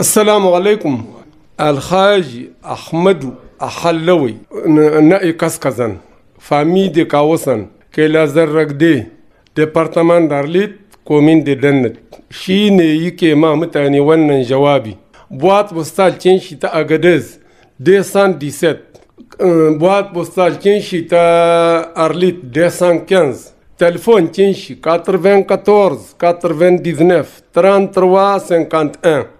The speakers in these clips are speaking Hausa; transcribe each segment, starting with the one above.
السلام عليكم الخاج أحمد أحلوي نأي كسكزن فامي دي كاوسن كيلا زرق دي ديبارتمان دارليت كومين دي دنت شي متاني ونن جوابي بوات wannan jawabi تا اغدز دي سان دي agadez بوات boîte postal تا ارليت دي سان كنز تلفون تنشي 94 99 33 51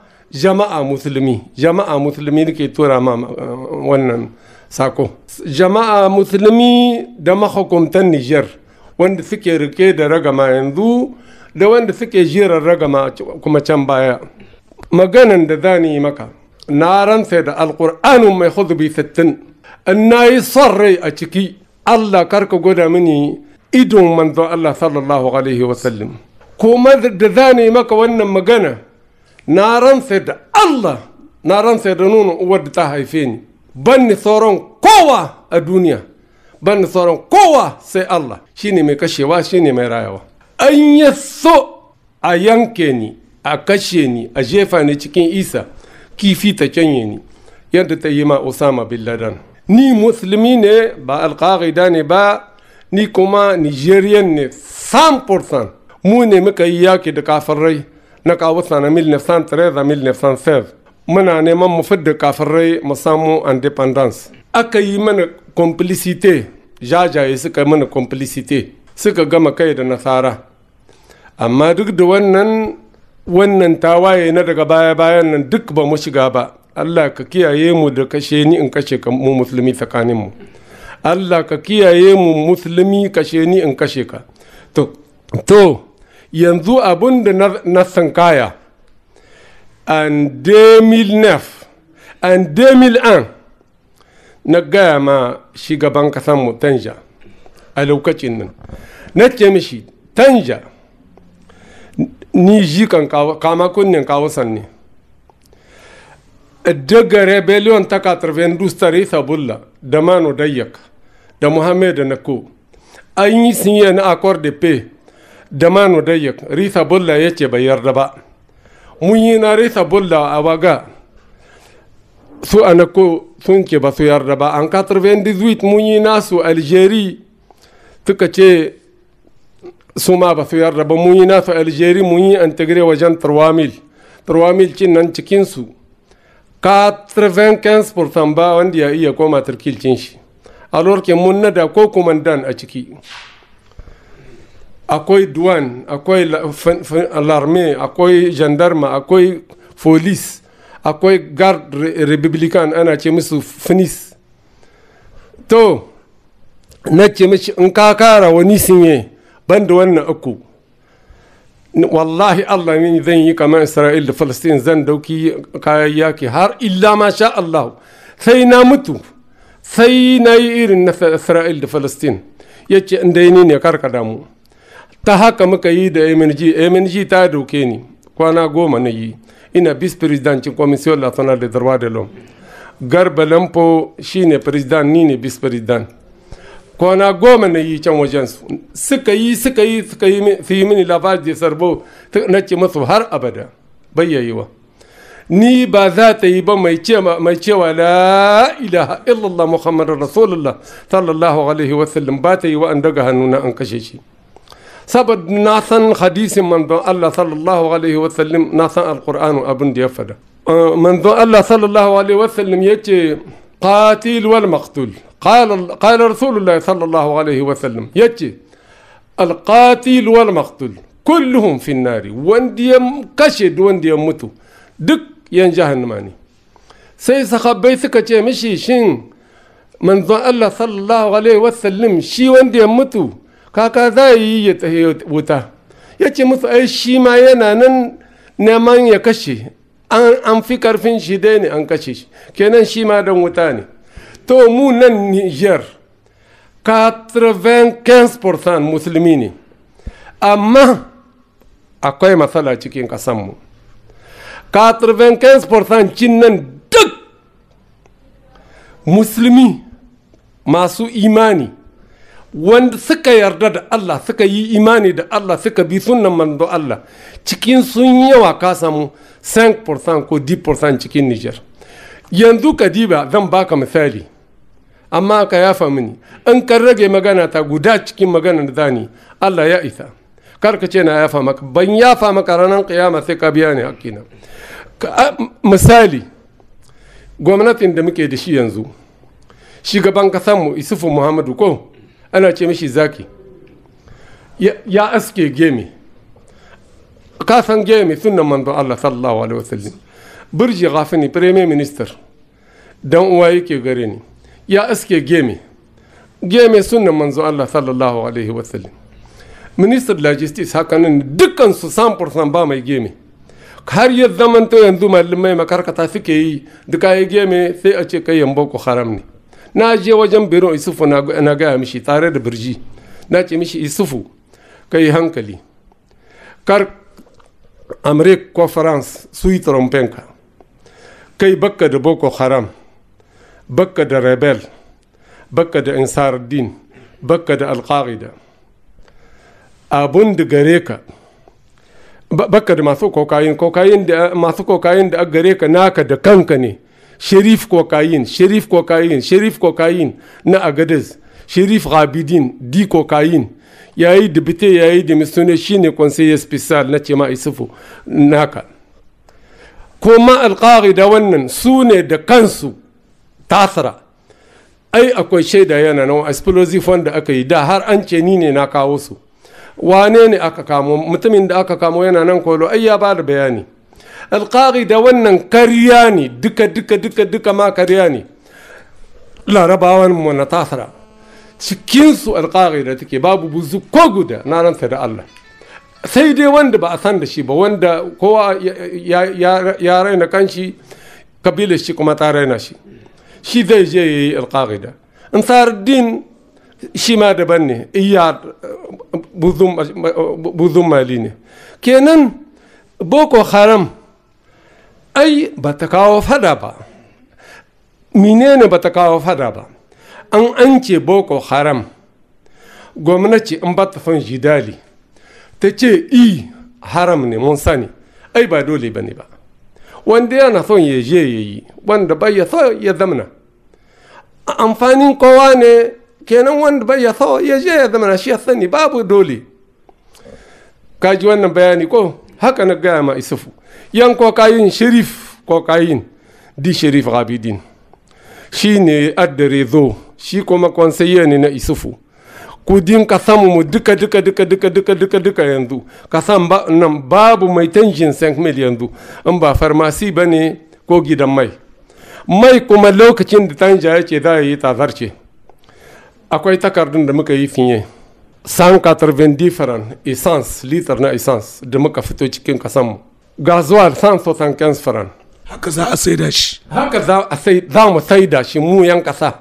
jama'a musulmi jama'a musulmi da ke tura ma wannan sako jama'a musulmi da mahukuntan niger wanda suke rike da ragama yanzu da wanda suke jiran ragama kuma can baya maganan da za yi maka na ransa da alkur'ani mai huzubi sittin in na yi son rai a ciki allah karka gwada mini idon manzo allah sallallahu alaihi wasallim kuma da za yi maka wannan magana na rantse da Allah na rantse da nuna uwar da ta haife ni ban ni sauran kowa a duniya ban ni sauran kowa sai Allah shine mai kashewa shine mai rayawa an ya so a yanke ni a kashe ni a jefa ni cikin isa kifi ta canye ni yadda ta yi ma Osama bin ni musulmi ne ba alƙa'ida ne ba ni kuma nigerian ne 100% mu ne muka yi yaki da rai na kawusa na 1913 da 1916 muna neman mu fidda kafirai mu samu independence aka yi mana complicité jajaye suka mana complicité suka gama kai da nasara amma duk da wannan wannan tawaye na daga baya-bayan nan duk ba mu shiga ba Allah ka kiyaye mu da kashe ni in kashe ka mu musulmi tsakanin mu Allah ka kiyaye mu musulmi kashe ni in kashe ka to to yanzu abun da na sankaya an 2009 an na gaya ma shugaban kasanmu tanja a lokacin nan na ce mishi tanja ni ji kan kama kunnen kawo sanni daga rebellion ta 92 tarisa bulla da manu dayyak da muhammadu nako an yi sinye na accord de paix da manu dayyik risa bulla ya ce bai yarda ba mun yi na risa bulla a waga su anako sun ke ba su yarda ba an 98 mun yi nasu algeria suka ce su ma ba su yarda ba mun yi nasu algeria mun yi tigire wajen turwamil turwamil cin nan cikinsu 95% ba wanda ya iya koma turkil cin shi a lorke mun nada ko kumandan a ciki akwai duwan akwai alarme akwai jandarma akwai folis akwai guard republican ana ce musu finis to na ce mishi in ka kara wani sinye ban da wannan uku wallahi allah ne zan yi kama isra'il da falastin zan dauki kayan yaki har illa ma sha allah sai na mutu sai na yi irin na isra'il da falastin ya ce inda ne ne karka damu ta haka muka yi da mng mng ta doke ni kwana goma na yi ina bis prezidancin commission national de droit de l'homme garba lampo shine president ni ne bis president kwana goma na yi can su suka yi suka yi suka yi su yi mini labar da sarbo na ce masu har abada bayyayewa ni ba za ta yi ba mai cewa mai cewa la ilaha illallah muhammadur rasulullah sallallahu alaihi wasallam ba ta yi wa an daga hannuna an kashe shi سبب ناثن حديث من الله صلى الله عليه وسلم ناثن القرآن أبن ديفدا آه، من الله صلى الله عليه وسلم يجي قاتل والمقتول قال قال رسول الله صلى الله عليه وسلم يجي القاتل والمقتول كلهم في النار ونديم كشد ونديم متو دك ينجهنماني sai sahabbai suka ce شين من ذو الله صلى الله عليه وسلم شي ونديم متو kaka za yi ya tsaye wuta ya ce musu ai shi ma yana nan neman ya kashe an fi karfin shi dai ne an kashe shi kenan shi ma don wuta ne to mu nan niger 95% musulmi ne amma akwai matsala cikin kasanmu 95% cin nan duk musulmi masu imani wanda suka yarda da Allah suka yi imani da Allah suka bi sunan manzo Allah cikin sun yawa ka samu 5% ko 10% cikin Niger yanzu kadiba zan baka misali amma ka yafa ni, in ka rage magana ta guda cikin magana da zani Allah ya isa kar ka ce na yafa maka ban yafa maka ranar kiyama sai ka biya ni hakina misali gwamnatin da muke da shi yanzu shugaban kasanmu isufu muhammadu ko ana ce mishi zaki ya aske gemi kasan gemi sunan manzon Allah sallallahu alaihi wasallam burji gafini premier minister dan uwa yake gare ni ya aske gemi gemi sunan manzon Allah sallallahu alaihi wasallam minister la logistics hakanan dukkan su 100% ba mai gemi har ya zamanto yanzu malamai makarkata suke yi duka ya gemi sai a ce kai yan boko haram ne na je wajen biro isufu na gaya mishi tare da birji na ce mishi isufu ka yi hankali kar amurka ko france su yi trompenka kai bakka da boko haram bakka da rebel bakka da insardin bakka da alkaida abun da gare ka bakka da masu kokayin kokayin da masu kokayin da gare ka naka da kanka ne sherif cocaine sherif cocaine sherif cocaine na agadez sherif rabidin di cocaine yayi dubite yi da misune shine conseiller special na cema isufu naka kuma alƙari da wannan su ne da kansu tasara ai akwai shaida yana nan explosive wanda aka yi da har an ce ni ne na kawo su wane ne aka kamo mutumin da aka kamo yana nan kolo ai ya ba da bayani da wannan karya ne duka duka duka duka ma karya ne larabawa mu na tasara cikinsu da take babu buzu ko guda na ranta da Allah sai dai wanda ba a san da shi ba wanda kowa ya raina kanshi kabilar shi kuma ta raina shi shi zai je ya yi da. din shi ma daban ne iya buzun mali ne kenan boko haram ai ba ta kawo fada ba menene ba ta kawo fada ba an an ce boko haram gwamnati in ba ta son jidali ta ce i haram ne mun sani ai ba dole ba ne ba wanda yana son ya je ya yi wanda bai ya so ya zamana amfanin kowa ne kenan wanda bai ya so ya je ya zamana shi ya sani babu dole kaji wannan bayani ko haka na gaya ma isufu yan kokayin sharif kokayin di sharif rabidin shi ne addarezo shi kuma konseye ne na isufu ku dinka samu mu duka duka duka duka duka duka duka yanzu ka san ba, nan babu mai tanjin st mil yanzu in ba farmasi ba ne ko gidan mai mai kuma lokacin da tanja yake za a yi tazar akwai takardun da muka yi finye 190 different essence litar na essence da muka fito cikin kasanmu ga zuwa san sosan kensfiran haka za a saida shi haka za mu saida shi mu yan kasa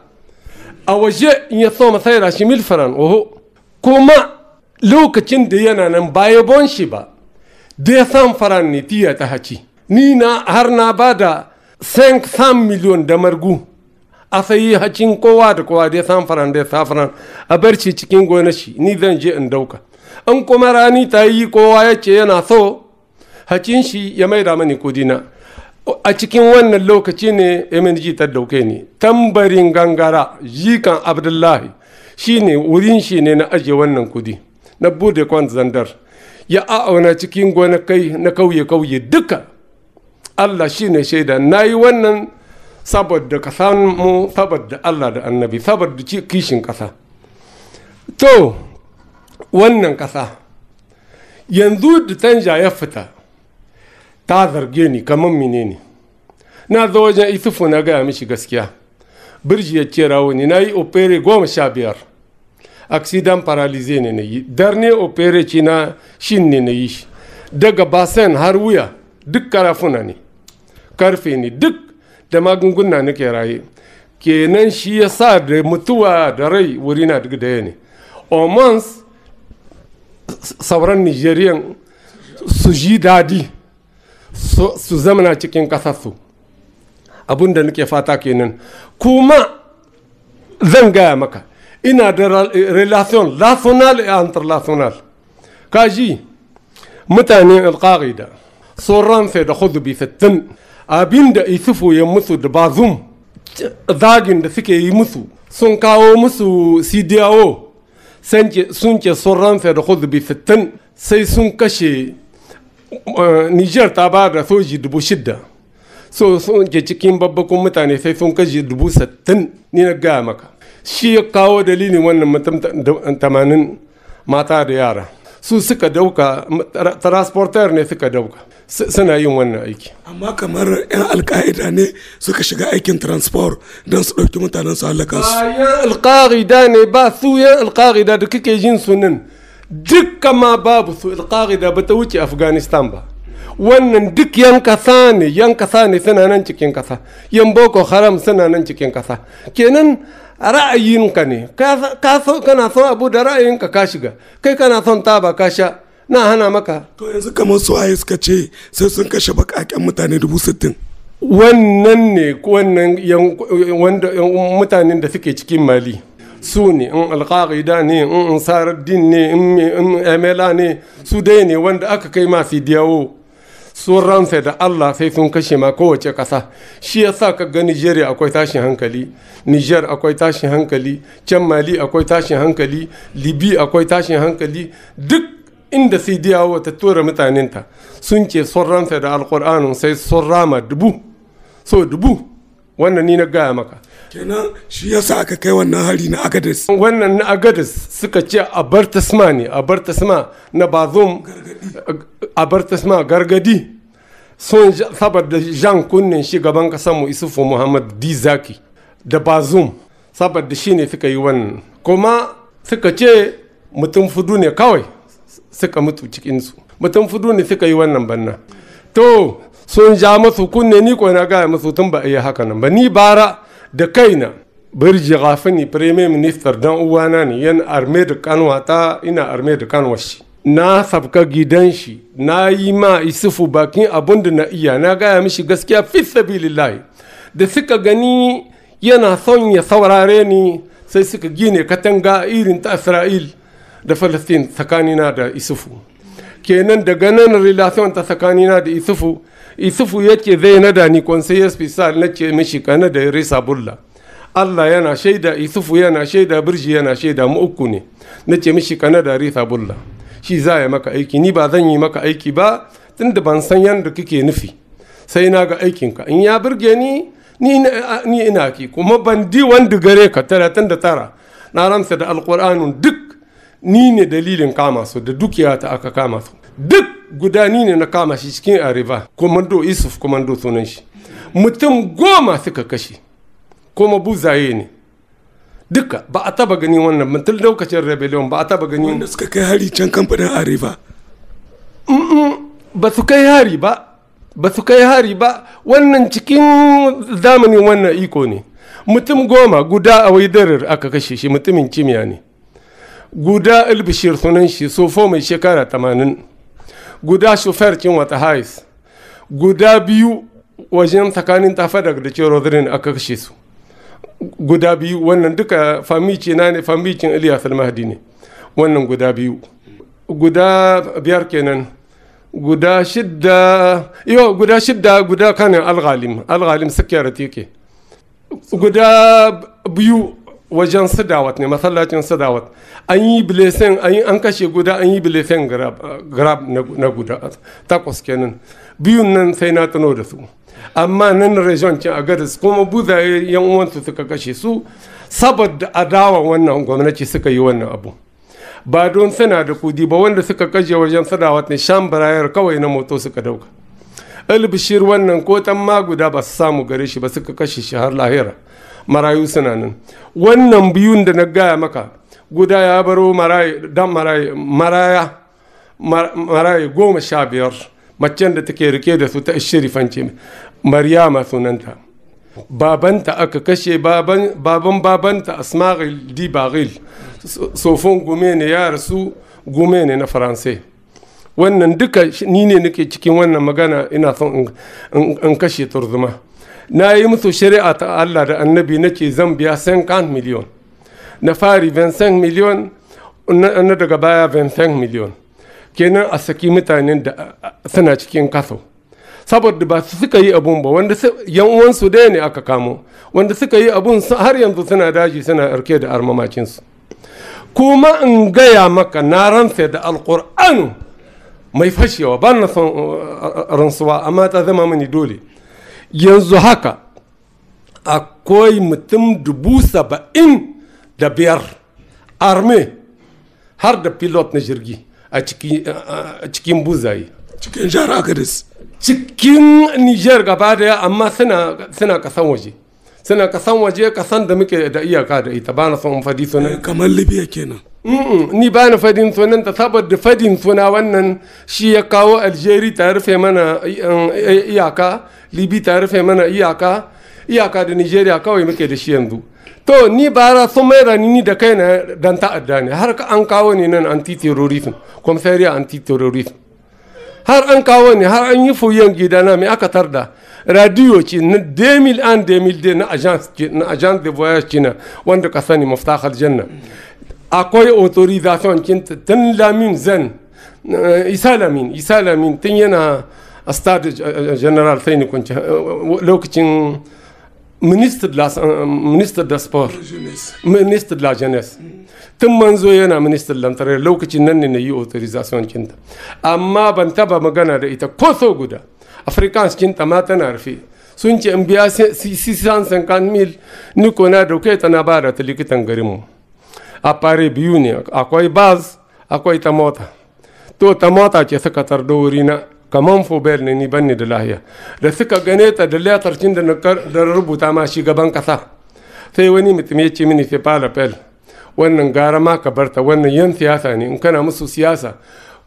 a waje in ya so mu saida shi faran oho kuma lokacin da yana nan baya bon shi ba da ya san faran ne tiya ta haci ni na har na ba da 500 miliyon da margu a sayi hacin kowa da kowa da ya san faran da ya sa faran a barci cikin gona shi ni zan je in dauka in kuma rani ta yi kowa ya ce yana so hakin shi ya da mani kudina a cikin wannan lokaci ne mng ta dauke ni tambarin gangara jikan abdullahi shi ne wurin shi ne na ajiye wannan kudi na bude kwan zandar ya a'auna cikin gonakai na kauye-kauye duka allah shi ne shaida na yi wannan saboda ka samu saboda allah da annabi saboda kishin kasa to wannan kasa yanzu da tanja ya fita ta zarge ni kamar mine ne na zo wajen isufu na gaya mishi gaskiya birji ya ce rawo ni na yi opere goma sha biyar accident paralyze ne na yi darne opere ce na shin ne na yi shi daga basen har wuya duk karafuna ne karfe ne duk da magunguna ke raye kenan shi ya sa da mutuwa da rai wuri na duk daya ne omans sauran nigerian su ji dadi su zamana cikin ƙasarsu abin da nake fata kenan kuma zan gaya maka ina da relation national e international kaji mutane alƙa'ida sun ransa da huzubi sittin abin da isufu ya musu da bazum zagin da suke yi musu sun kawo musu cdo sun ke sun ransa da huzubi sittin sai sun kashe niger ta ba da soji dubu shidda so sun ke cikin babbakun mutane sai sun kashe dubu sattin ni na gaya maka shi ya kawo dalilin wannan mutum tamanin mata da yara su suka dauka transporter ne suka dauka suna yin wannan aiki amma kamar 'yan alka'ida ne suka shiga aikin transport don su ɗauki mutanen su halaka su 'yan alka'ida ne ba su 'yan alka'ida da kake jin sunan. dukka ma babu su alƙa'ida ba ta wuce afghanistan ba wannan duk yan kasa ne yan kasa ne suna nan cikin kasa yan boko haram suna nan cikin kasa kenan ra'ayinka ne ka so kana son abu da ra'ayinka ka shiga kai kana son taba ka sha na hana maka to yanzu kamar su ayi suka ce sai sun kashe bakaken mutane dubu sittin wannan ne wannan mutanen da suke cikin mali su ne in alƙa'ida ne in ansarar ne in emela ne su dai ne wanda aka kai masu diyawo sun ransa da Allah sai sun kashe ma kowace ƙasa shi ya sa ka ga Nigeria akwai tashin hankali Niger akwai tashin hankali can Mali akwai tashin hankali Libi akwai tashin hankali duk inda sai diyawo ta tura mutanenta sun ce sun ransa da alƙur'anin sai sun rama dubu so dubu wannan ni na gaya maka kenan shi yasa aka kai wannan hari na agadis wannan na agadis suka ce a bar tasma ne a bar tasma na bazom a bar tasma gargadi sun saboda jan kunnen gaban kasan mu isufu muhammad di zaki da bazum saboda shi ne suka yi wannan kuma suka ce mutum fudu ne kawai suka mutu cikinsu mutum fudu ne suka yi wannan banna to sun ja masu kunne ni ko na gaya masu tun ba a yi haka nan ba ni bara da kaina birji gafani premier minister dan uwana ne yan arme da kanwata ina arme da shi na sabka gidan shi na yi ma isufu bakin abun da na iya na gaya mishi gaskiya fi sabilillahi da suka gani yana son ya saurare ni sai suka gine katanga irin ta isra'il da falastin tsakanina da isufu kenan daga nan relation ta tsakanina da isufu isufu yake zai nada ni conseiller special na ce mishi kana da risa bulla Allah yana shaida isufu yana shaida birji yana shaida mu uku ne na ce mishi kana da risa bulla shi za ya maka aiki ni ba zan yi maka aiki ba tunda ban san yadda kake nufi sai na ga aikinka in ya birge ni ni ina ki kuma ban di wanda gare ka tun da tara na ramsa da alkur'anun duk ni ne dalilin kama su da dukiya ta aka kama su duk gudani ne na kama shi cikin ariba komando isuf komando sunan shi mutum goma suka kashe kuma buzaye ne duka ba a taba gani wannan mutum lokacin rebellion ba a taba gani wanda suka kai hari can kamfanin ariba ba su kai hari ba ba su kai hari ba wannan cikin zamanin wannan iko ne mutum goma guda a waidarar aka kashe shi mutumin kimiyya ne guda albishir sunan shi sofo mai shekara tamanin guda shofar kin wata hais guda biyu wajen tsakanin tafa da ce rodrin aka kashe su guda biyu wannan duka famici na ne famicin ilyas almahdi ne wannan guda biyu guda biyar kenan guda shidda yau guda shidda guda kanin alghalim alghalim sakiyar teke guda biyu wajen sadawat ne masallacin sadawat an yi bilesen an kashe guda an yi bilesen grab na guda takwas kenan biyun nan sai na tano da su amma nan region cin agadis kuma buzaye yan uwansu suka kashe su saboda adawa wannan gwamnati suka yi wannan abu ba don suna da kudi ba wanda suka kashe wajen sadawat ne shan barayar kawai na moto suka dauka albishir wannan ko tan ma guda ba su samu gare shi ba suka kashe shi har lahira marayu suna nan wannan biyun da na gaya maka guda ya baro dan maraya maraya goma sha biyar macen da take rike da su ta shirifance maryama sunanta babanta aka kashe baban babanta asma'il dibaril sofon gome ne ya rasu gome ne na faransai wannan duka ni ne nake cikin wannan magana ina son in kashe turzuma na yi musu shari'a ta Allah da annabi nake zan biya 50 miliyon na fari 25 miliyon na daga baya 25 miliyon kenan a saki mutanen da suna cikin kaso saboda ba su suka yi abun ba wanda yan uwansu daya ne aka kamo wanda suka yi abun har yanzu suna daji suna arke da armamacinsu kuma in gaya maka na ransa da alkur'anu mai fashewa ba na son uh, uh, uh, rantsuwa amma ta zama mani dole yanzu haka akwai mutum dubu saba'in da biyar arme har da pilot na jirgi a cikin buzaye cikin jihar agadis cikin niger gaba daya amma suna kasan waje suna kasan waje kasan da muke da iyaka da ita ba na son fadi sunan eh, kamar libya kenan ni ba na fadin sunan ta saboda fadin suna wannan shi ya kawo aljeri ta rufe mana eh, eh, iyaka libi ta rufe mana iyaka iyaka da nigeria kawai muke da shi yanzu to ni bara sun mai rani ni da kai na dan ta'adda ne har an kawo ne nan anti-terrorism komisariya anti-terrorism har an kawo ne har an yi fuyen na mai aka tarda radio ce na demil an de na agence de voyage ce na wanda ka sani maftahar janna akwai authorization kinta tun lamin zan eh, isa lamin isa lamin tun yana a stade eh, eh, general sai ni kwanci lokacin ministre de la ministre de sport ministre de la jeunesse tun manzo yana ministre de l'intérieur lokacin nan ne na yi authorization kinta amma ban taba magana da ita ko so guda africans kinta ma tana rufe sun ce in biya 650 mil ni ko na dauke tana ba da ta likitan garinmu apare biyu ne akwai baz akwai ta mota to ta mota ce suka tardo wurina kaman fobel ne ni banni da lahiya da suka gane ta da cin da na rubuta ma gaban kasa sai wani mutum ya ce mini sai fara fel wannan gara ma ka barta wannan yan siyasa ne in kana musu siyasa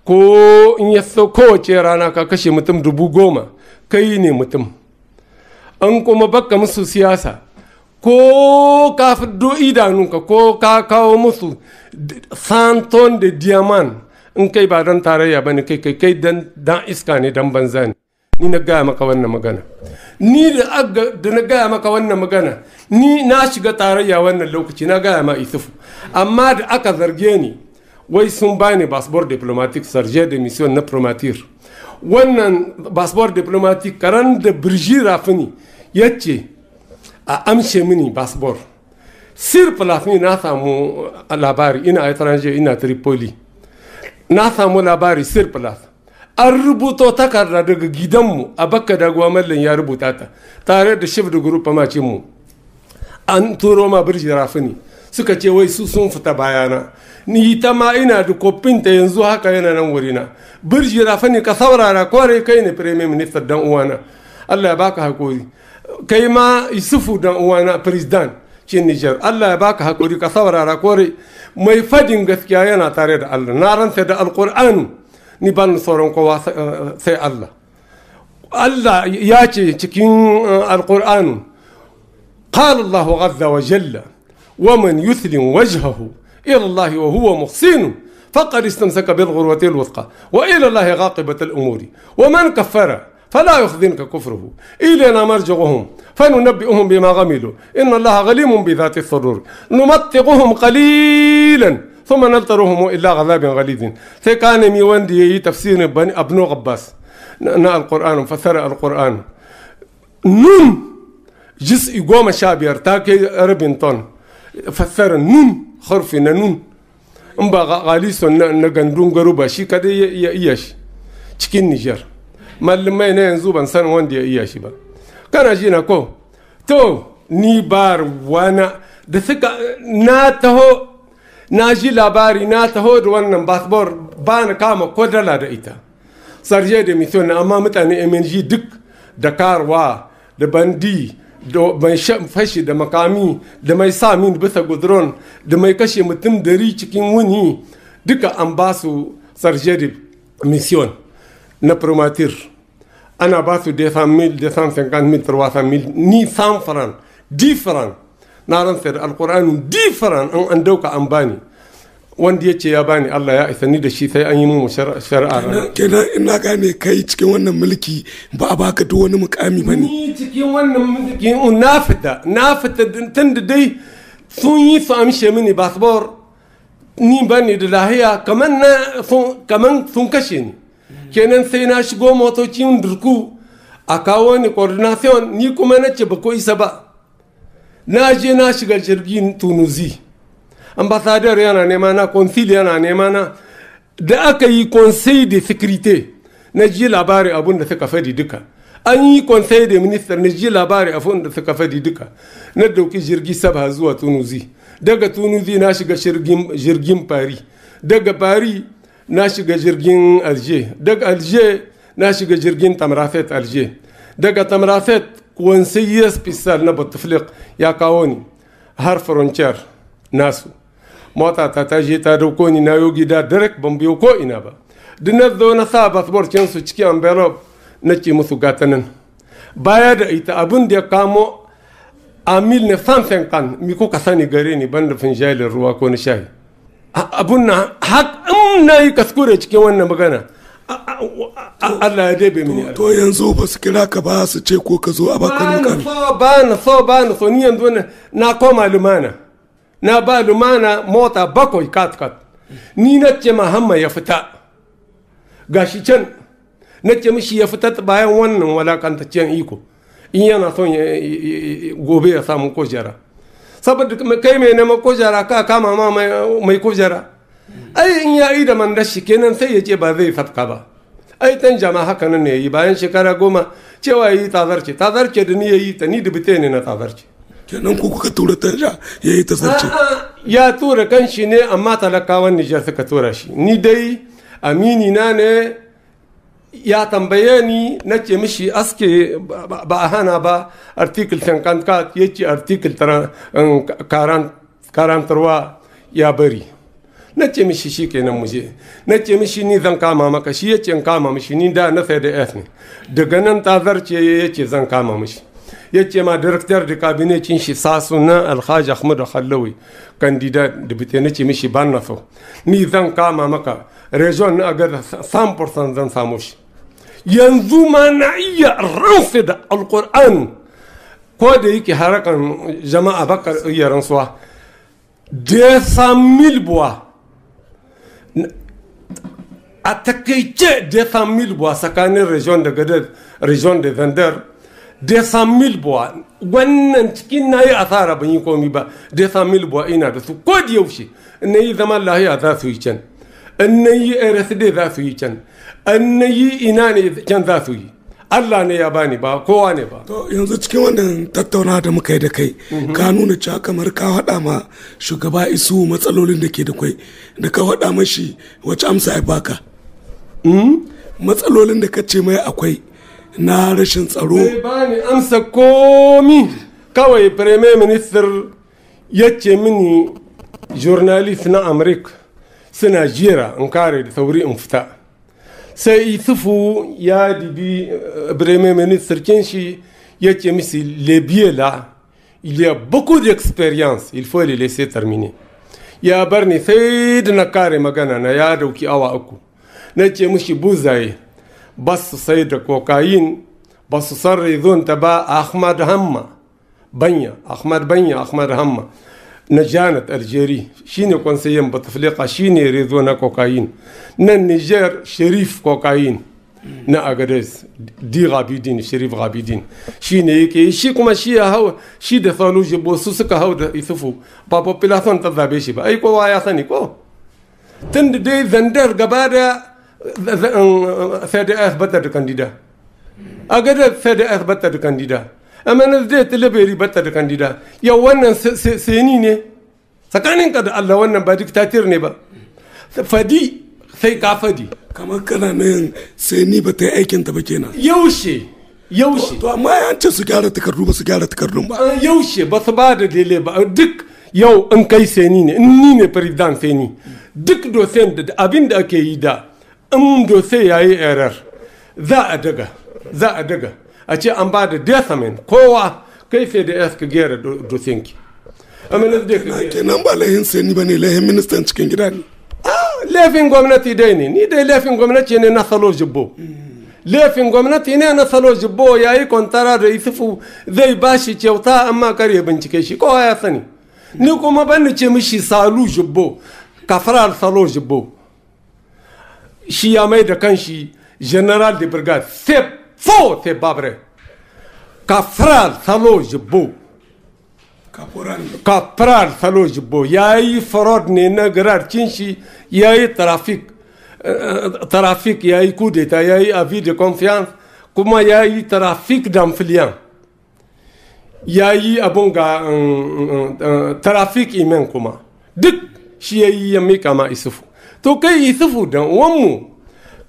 ko in ya so kowace rana ka kashe mutum dubu goma kai ne mutum an kuma baka musu siyasa ko ka do idanunka ko ka kawo musu santon da diamant in kai ba dan tarayya ba ne kai kai kai dan iska ne dan banza ne ni na gaya maka wannan magana ni da na gaya maka wannan magana ni na shiga tarayya wannan lokaci na gaya ma isufu amma da aka zarge ni wai sun bani passport diplomatic sarje de mission na promatir wannan passport diplomatic karan da birji rafini ya ce a amshe mini basbor sir plafin na samu labari ina a ina tripoli na samu labari sir plaf an rubuto takarda daga gidan mu a bakka da gwamnan ya rubuta ta tare da shif da grupa mu an turo ma birji rafini suka ce wai su sun fita bayana ni ta ma ina da ta yanzu haka yana nan wurina birji rafini ka saurara kware kai ne premier minister dan uwana allah ya baka hakuri kai ma isufu dan uwana president cin nijar allah ya baka hakuri ka saurara kore mai fadin gaskiya yana tare da allah na ransa da alkur'anu ni ban sauran kowa eh, eh, sai allah allah ya ce cikin alkur'anu قال الله عز وجل ومن يسلم وجهه إلى الله وهو محسن فقد استمسك بالغروة الوثقى وإلى الله غاقبة الأمور ومن كفر فلا يخذنك كفره إلينا مرجعهم فننبئهم بما غملوا إن الله غليم بذات الصدور نمتقهم قليلا ثم نلترهم إلا غذاب غليظ تكان ميوان دي تفسير ابن غباس نا القرآن فسر القرآن نم جزء قوم شابير تاكي ربن طن فسر نم حرف نم مبا غاليسون نغندون غروبا شي كده يش تشكين نيجر mallamai na yanzu ban san wanda ya iya shi ba kana shi na ko to ni bar wana da suka na taho na ji labari na taho da wannan basbor ba na kama ko da ita sarje da mission amma mutane mng duk da karwa da bandi da mai fashi da makami da mai sa min bisa gudron da mai kashe mutum dari cikin wuni duka an ba su sarje da mission na primature ana ba su 200 000 250 000 300 000 ni 100 francs 10 francs na rantsar alkur'anin 10 francs an an dauka an bani wanda ya ce ya bani Allah ya isa ni da shi sai an yi mu shari'a kenan ina gane kai cikin wannan mulki ba a baka duk wani mukami ba ne ni cikin wannan mulki na fita na fita tun da dai sun yi su amshe mini basbor ni bani da lahiya kaman sun kashe ni kenan sai na shigo motocin durku a kawo ni coordination ni kuma na ce ba ko isa ba na je na shiga jirgin tunuzi ambassador yana nema na consul yana nema na da aka yi conseil de sécurité na ji labari abun da suka fadi duka an yi conseil de minister na ji labari abun suka fadi duka na dauki jirgi saba zuwa tunuzi daga tunuzi na shiga jirgin paris daga paris na shiga jirgin alger daga alger na shiga jirgin tamrafet alger daga tamrafet yes pistol na batuflik ya kawo ni har frontier nasu mota ta je ta dauko ni na yo gida direct ban biyo ko ina ba duk na zo na sa passport su cikin envelope na ce musu gata baya da ita abin da ya kamo a kan mi ko ka sani gare ni ban da finjailin ruwa ko na shayi abun na haƙin na yi kaskure cikin wannan magana Allah ya daibe mini to yanzu ba su kira ka ba su ce ko ka zo a bakon mukami ba na so ba na so ni yanzu na koma lumana na ba lumana mota bakwai kat kat ni na ce mahamma ya fita gashi can na ce mishi ya fita bayan wannan walakantaccen iko in yana son gobe ya samu ko jara saboda kai mai neman kujera ka kama ma mai kujera ai in ya yi da mandashi kenan sai ya ce ba zai safka ba ai tan jama'a haka nan ne yi bayan shekara goma cewa yi tazarce tazarce da ni ya yi ta ni dubite ne na tazarce kenan ku kuka tura ja ya yi tazarce ya tura kanshi ne amma talakawan Nijar suka tura shi ni dai amini na ne ya tambaye ni na ce mishi aske ba a hana ba article 54 ya ce artikul um, karantarwa ya bari na ce mishi shi kenan muje na ce mishi ni zan kama maka shi ya ce in kama mishi ni da na sai da f ne daga nan ta zarce ya ce zan kama mishi ya ce ma director da kabinecin shi sasu na alhaji ahmad halawi kandida da bute na ce mishi ban na so ni zan kama maka region na agada 100% zan samu shi yanzu ma na iya rufe da alkur'an ko da yake harakan jama'a baka iya rantsuwa da ya buwa a takaice da ya buwa tsakanin region da gadar region da vendor da ya buwa wannan cikin na yi asara ban yi komi ba da ya buwa ina da su ko da yaushe na yi zaman lahiya za su yi can in na yi rsd za su yi can yi ina ne kyan za su yi Allah ne ya bani ba kowa ne ba. To yanzu cikin wannan tattauna da muka yi da kai mhm. ka nuna cewa kamar ka faɗa ma shugaba isu matsalolin da ke da kwai da ka faɗa mashi wacce amsa ya baka. Hmm? Matsalolin da ka ce mai akwai na rashin tsaro. Bai bani amsa komi kawai Premier Minister ya ce mini journalist na Amurka suna jera in kare da sauri in fita. سيثفو يا دبي بريمير مينستر كينشي يتي ميسي لي بيي لا il y a beaucoup d'expérience il faut les laisser terminer ya bar ni sai da na kare magana na ya dauki awa uku na ce mushi buzaye ba su sai da kokain ba su san rizonta ba ahmad hamma banya ahmad banya ahmad hamma نجانت الجيري شيني كونسيين بطفليقة شيني يريدون كوكايين نن نيجير شريف كوكايين نا أغريس دي غابيدين شريف غابيدين شيني يكي شي كما شي هاو شي دفالو جبو سوسك هاو يثفو با بوبيلاثون تذابيشي با أي كو آيا كو تند دي ذندر غبارة ثادي أثبتت كانديدا أغريس ثادي أثبتت كانديدا MNSD ta labari ribarta da kandida yau wannan seni ne ka da Allah wannan ba diktatir ne ba fadi sai ka fadi kamar kana nan seni ba ta yi ta ba kenan yaushe yaushe to amma an ce su gyara takardu ba su gyara takardu ba eh, yaushe ba su ba da dele ba duk yau in kai seni ne in ni ne president seni duk dosen da abin da ake yi da in dose yayi error za a daga za a daga a ce an ba da desamin kowa kai fe da ka gera dosinki aminan da ka kenan ba lahin sai ni bane lahin ministan cikin gida ne ah, laifin gwamnati dai ne ni dai laifin gwamnati ne na salo jibbo laifin gwamnati ne na salo jibbo ya yi kwantara da isufu zai ba shi kyauta amma kar ya bincike shi kowa ya sani ni kuma ban ce mishi salu jibbo kafarar salo jibbo shi ya mai da kanshi general de brigade sep Φώθε μπαύρε. Καφράλ θα λόγει μπου. Καπράλ θα λόγει μπου. Για η φρόνι να γραρκίνσει για η τραφίκ. Τραφίκ για η κούντετα, για η αβίδε κομφιάνθ. Kuma ya yi trafik damfiliyan, ya yi abonga trafik imen kuma, duk shi ya e yi ya kama isufu. To kai isufu dan uwanmu,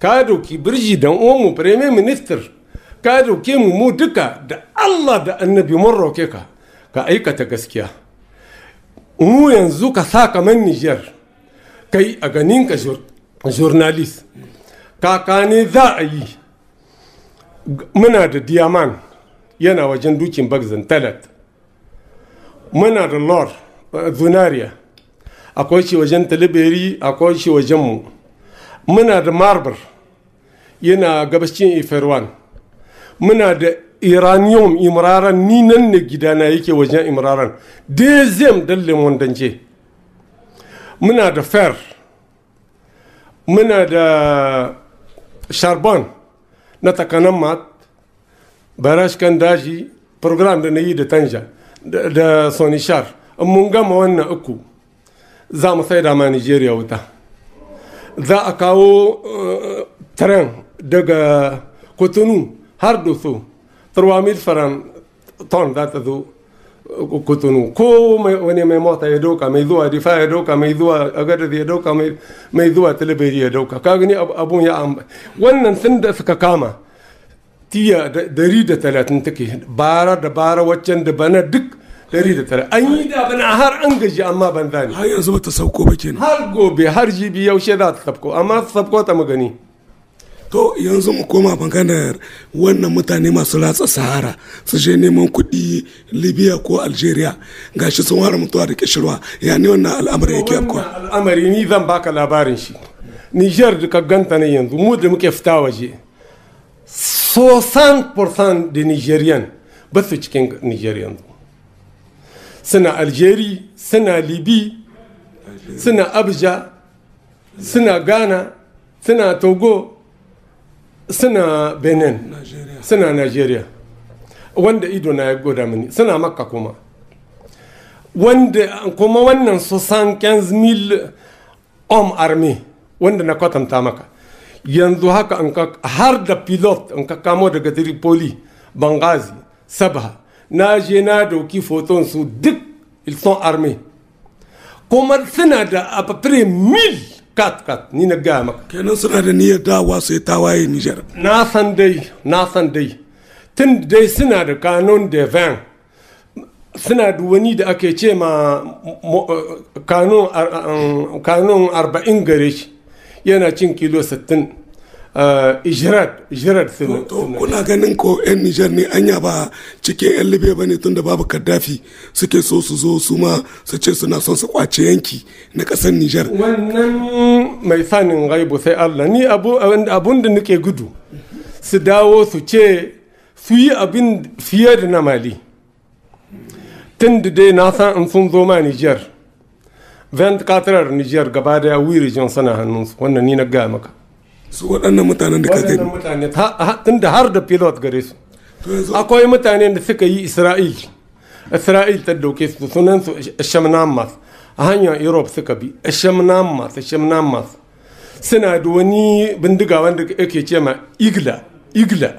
ka doki birji dan Premier Minister ka dauke mu mu duka da Allah da annabi mun roke ka ka aikata gaskiya mu yanzu ka sa kamar Nijar kai a ganin ka journalist ne za a yi muna da diaman yana wajen dukin bagzin talat muna da lor zunariya akwai shi wajen talibiri akwai shi wajenmu muna da marbar yana gabashin iferwan muna da iranium imraran ni nan ne gidana yake wajen imraran dezem dan lemon danje muna da fer muna da sharbon na takanan mat barashkan daji program da na yi da tanja da sonishar in mun gama wannan uku za mu sai da ma nigeria wuta za a kawo eh, tren daga kotonu. Har harduthu tawamid faran ton za ta zo kutunu ko wani e mai mota ya e dauka mai zuwa difa ya e dauka mai zuwa agadar ya dauka mai zuwa talabiri ya dauka ka gani abun ya amba wannan sun da suka kama tiya dari da talatin take bara da bara waccan da bana duk dari da talatin an yi da bana har an gaji amma banza ne har yanzu bata sauko ba kenan har gobe har jibi yaushe za ta sabko amma sabko ta magani to yanzu mu koma maganar wannan mutane masu latsa sahara su je neman kuɗi libya ko algeria shi sun wara mutuwa da kishirwa ya ne wannan al'amari yake afkuwa al'amari ni zan baka labarin shi niger duka ganta ne yanzu mu da muke fita waje 60% da nigerian ba su cikin nigerian yanzu suna algeri suna libi suna abuja suna ghana suna togo suna benin suna nigeria wanda ido na ya goda mini suna makka kuma wanda kuma wannan su san mil om army wanda na kwatanta maka yanzu haka har da pilot in ka kamo daga tripoli bangazi sabha na je na dauki foton su duk ilson army kuma suna da a mil kat kat ni na gaya kenan suna da niyyar dawa sai tawaye Niger na san dai na san dai tun dai suna da kanon de vin suna da wani da ake ce ma eh, eh, kanon arba'in gare yana cin kilo sittin. Eh, Gerard Ijirad Kuna ganin ko 'yan Nijar ne anya ba cikin 'yan Libya ba ne tunda babu Kaddafi suke so su zo su ma su ce suna son su kwace yanki na kasar Nijar. Wannan mai sanin raibu sai Allah ni abun da nake gudu su dawo su ce su yi abin fiye da na Mali. Tun da dai na san in sun zo ma Nijar. 24 Nijar gaba daya wiri sana hannunsu wannan ni na gaya maka. su waɗannan mutanen da kake ne tunda har da pilot gare su akwai mutane da suka yi isra'il isra'il ta dauke su sunan su shamnamas a hanyar europe suka bi shamnamas shamnamas suna da wani bindiga wanda yake ce ma igla igla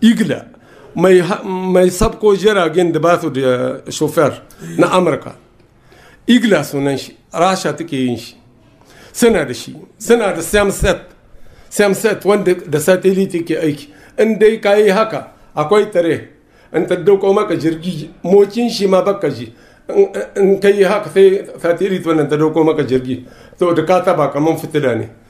igla mai mai sabko jiragen da ba su da shofer na amurka igla sunan shi rasha take yin shi suna da shi suna da samset samset wanda da satelliti ke aiki in dai ka yi haka akwai tare in ta dauko maka jirgi mocin shi ma baka ji in ka yi haka sai satelliti wannan ta dauko maka jirgi to da ka taba kamar fitila ne